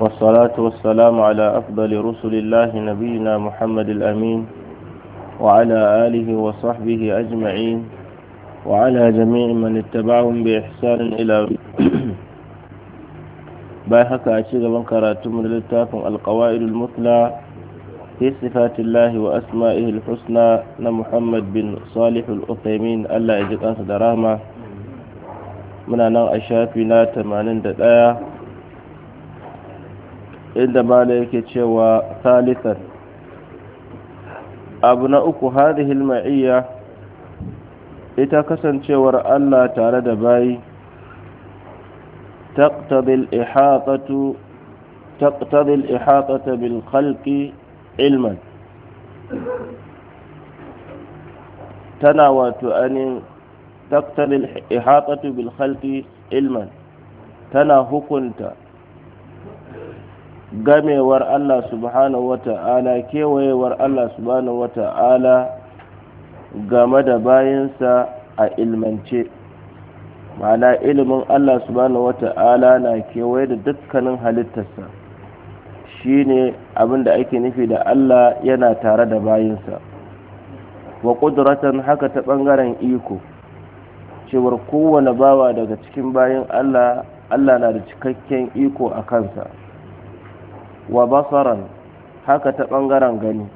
والصلاة والسلام على أفضل رسل الله نبينا محمد الأمين وعلى آله وصحبه أجمعين وعلى جميع من اتبعهم بإحسان إلى باحك أشيغ من كراتم للتافن القوائد المثلى في صفات الله وأسمائه الحسنى محمد بن صالح الأثيمين ألا يجد أنس دراما من أنا أشافي لا 81 inda mala yake cewa salisan abu na uku hilma ma'iyya ita kasancewar allah tare da bayi taqtadil ihaqatu bil khalqi ilman tana ilman tana hukunta gamewar Allah subhanahu wata'ala kewayewar Allah subhanahu wata'ala game da bayansa a ilmance ma'ana ilimin Allah subhanahu wata'ala na kewaye da dukkanin halittarsa shine abin da ake nufi da Allah yana tare da bayansa wa ƙudratan haka ta ɓangaren iko cewar kowane bawa daga cikin bayan Allah Allah na da cikakken iko a kansa wa basaran haka ta ɓangaren gani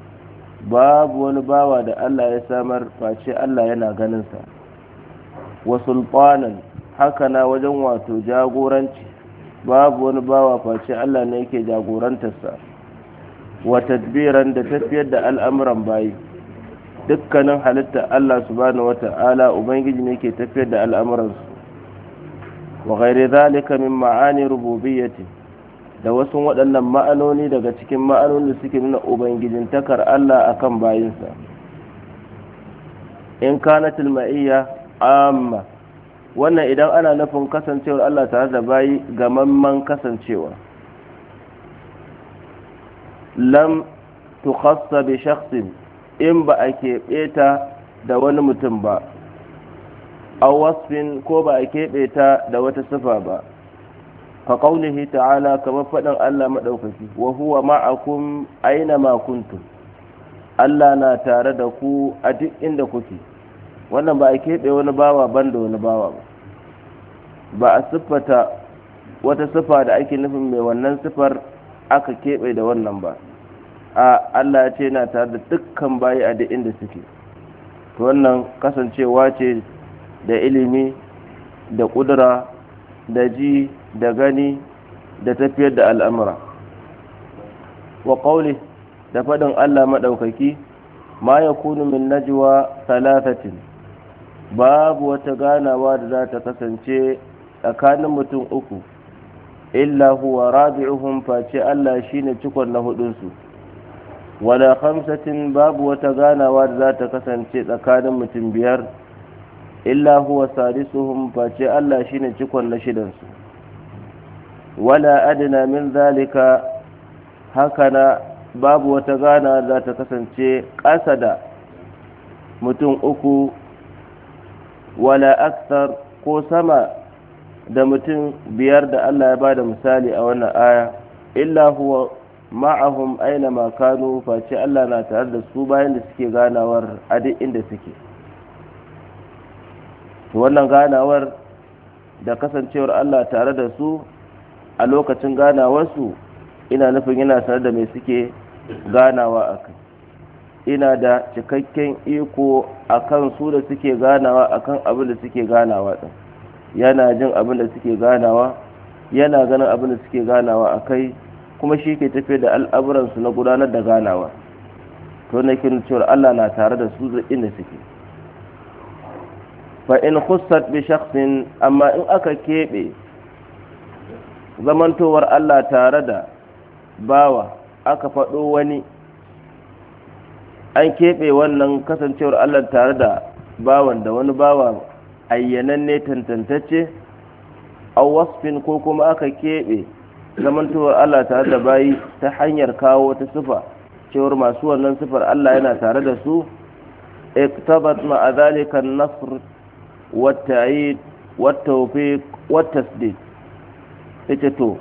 babu wani bawa da Allah ya samar face Allah yana ganinsa wa sultanan haka na wajen wato jagoranci babu wani bawa face Allah ne yake jagorantarsa wa tadbiran da tafiyar da al'amuran bayi dukkanin halitta Allah subhanahu wata'ala ubangiji ne ke tafiyar da al'amuransu wa ghairi zalika min ma'ani rububiyyati da wasu waɗannan ma'anoni daga cikin ma'anoni da suke nuna ubangijin takar Allah akan bayinsa in kanatil ma'iyya amma wannan idan ana nufin kasancewar Allah tare da bayi gamamman kasancewa lam tukhassa bi shakhsin in ba a keɓe ta da wani mutum ba a wasfin ko ba a keɓe ta da wata sifa ba ka qaulihi ta'ala kamar faɗin Allah maɗaukaki wa huwa ma'akum aina ma kuntum Allah na tare da ku a duk inda kuke wannan ba a keɓe wani bawa ban da wani bawa ba ba a siffata wata siffa da ake nufin mai wannan siffar aka keɓe da wannan ba a Allah ya ce na tare da dukkan bayi a duk inda suke to wannan kasancewa ce da ilimi da ƙudura da ji da gani da tafiyar da al'amura wa ƙauli da faɗin Allah maɗaukaki ma ya kunu min najwa talatatin babu wata ganawa da za ta kasance tsakanin mutum uku illa huwa rabi'uhum face Allah ne cikon na hudunsu wala hamsatin babu wata ganawa da za ta kasance tsakanin mutum biyar illa huwa sadisuhum face Allah shine cikon na shidansu wala adna min zalika hakana babu wata gana za ta kasance ƙasa da mutum uku wala aksar ko sama da mutum biyar da Allah ya bada misali a wannan aya illa huwa ma'ahum aina makanu face Allah na tare da su bayan da suke ganawar a duk inda suke wannan ganawar da kasancewar Allah tare da su a lokacin ganawarsu ina nufin yana sanar da mai suke ganawa a kai ina da cikakken iko a kan su da suke ganawa a kan abin da suke ganawa ɗin yana jin abin da suke ganawa yana ganin abin da suke ganawa a kai kuma shi ke tafiya da al'amuransu na gudanar da ganawa to na cewar Allah na tare da su inda suke fa'in hussar bi shakhsin amma in aka keɓe zamantowar Allah tare da bawa aka faɗo wani an keɓe wannan kasancewar Allah tare da bawan da wani bawa ayyananne tantantacce a wasfin ko kuma aka keɓe zamantowar Allah tare da bayi ta hanyar kawo wata sufa cewar masu wannan sufar Allah yana tare da su iktabat ma'a zalika nasr Wata aiki wata ubi wata sidin ɗin ki